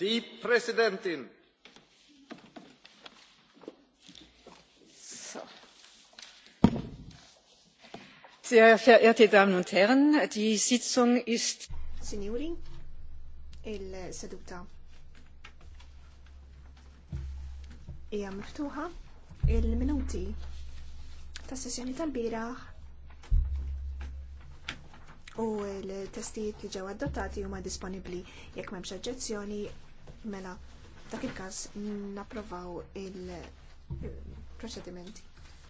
Die Präsidentin. Sehr verehrte Damen und Herren, die Sitzung ist. Signori, il-seduta Ja, miftuħa il-minuti tas-sessjoni tal-bieraħ u l-testijiet li ġew adottati huma disponibbli jekk m'hemmx oġġezzjoni mela dak il-każ napprovaw il-proċedimenti.